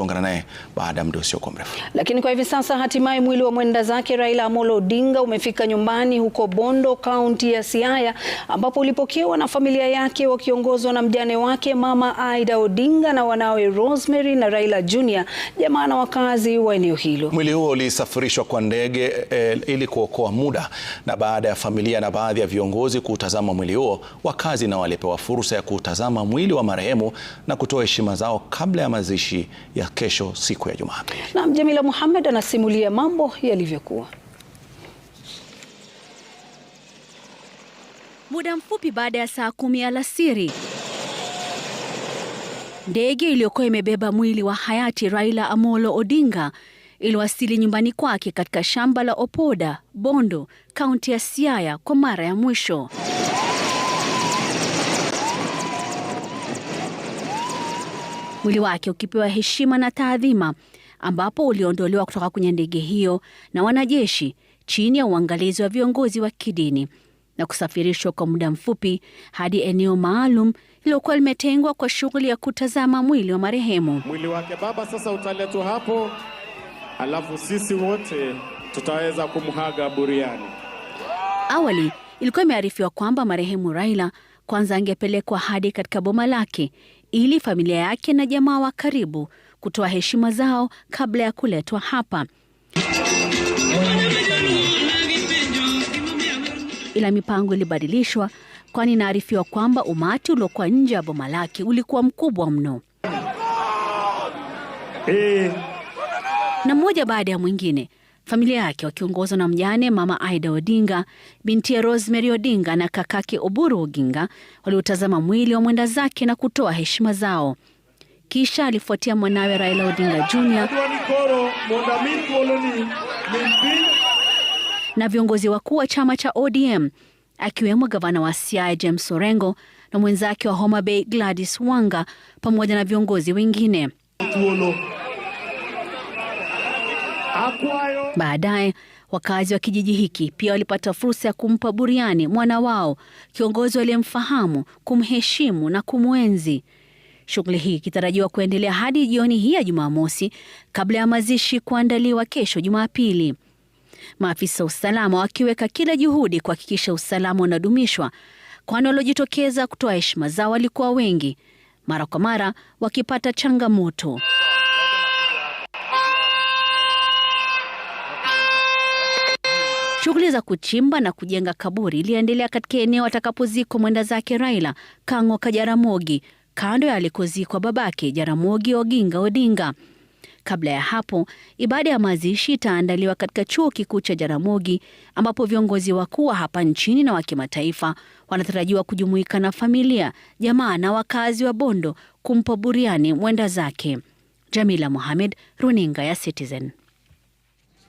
tuongana naye baada ya muda usiokuwa mrefu. Lakini kwa hivi sasa hatimaye mwili wa mwenda zake Raila Amolo Odinga umefika nyumbani huko Bondo, kaunti ya Siaya, ambapo ulipokewa na familia yake wakiongozwa na mjane wake Mama Aida Odinga na wanawe Rosemary na Raila Junior, jamaa na wakazi wa eneo hilo. Mwili huo ulisafirishwa kwa ndege eh, ili kuokoa muda, na baada ya familia na baadhi ya viongozi kuutazama mwili huo, wakazi na walipewa fursa ya kuutazama mwili wa marehemu na kutoa heshima zao kabla ya mazishi ya kesho siku ya Jumapili. Na Jamila Muhammad anasimulia mambo yalivyokuwa. Muda mfupi baada ya saa kumi alasiri, ndege iliyokuwa imebeba mwili wa hayati Raila Amolo Odinga iliwasili nyumbani kwake katika shamba la Opoda, Bondo, kaunti ya Siaya kwa mara ya mwisho. mwili wake ukipewa heshima na taadhima, ambapo uliondolewa kutoka kwenye ndege hiyo na wanajeshi chini ya uangalizi wa viongozi wa kidini na kusafirishwa kwa muda mfupi hadi eneo maalum lililokuwa limetengwa kwa shughuli ya kutazama mwili wa marehemu. Mwili wake baba sasa utaletwa hapo, alafu sisi wote tutaweza kumhaga buriani. Awali ilikuwa imearifiwa kwamba marehemu Raila kwanza angepelekwa hadi katika boma lake ili familia yake na jamaa wa karibu kutoa heshima zao kabla ya kuletwa hapa. Ila mipango ilibadilishwa, kwani inaarifiwa kwamba umati uliokuwa nje ya boma lake ulikuwa mkubwa mno. Eh. na mmoja baada ya mwingine Familia yake wakiongozwa na mjane Mama Aida Odinga, binti ya Rosemary Odinga na kakake Oburu Oginga waliotazama mwili wa mwenda zake na kutoa heshima zao. Kisha alifuatia mwanawe Raila Odinga Jr na viongozi wakuu wa chama cha ODM akiwemo gavana wa Siaya James Orengo na mwenzake wa Homa Bay Gladys Wanga pamoja na viongozi wengine. Baadaye wakazi wa kijiji hiki pia walipata fursa ya kumpa buriani mwana wao, kiongozi waliyemfahamu, kumheshimu na kumwenzi. Shughuli hii ikitarajiwa kuendelea hadi jioni hii ya Jumamosi kabla ya mazishi kuandaliwa kesho Jumapili. Maafisa usalama wakiweka kila juhudi kuhakikisha usalama unadumishwa, kwani waliojitokeza kutoa heshima zao walikuwa wengi, mara kwa mara wakipata changamoto. Shughuli za kuchimba na kujenga kaburi iliendelea katika eneo atakapozikwa mwenda zake Raila Kang'oka Jaramogi, kando ya alikozikwa babake Jaramogi Oginga Odinga. Kabla ya hapo, ibada ya mazishi itaandaliwa katika chuo kikuu cha Jaramogi, ambapo viongozi wakuu wa hapa nchini na wa kimataifa wanatarajiwa kujumuika na familia, jamaa na wakazi wa Bondo kumpa buriani mwenda zake. Jamila Mohamed, runinga ya Citizen.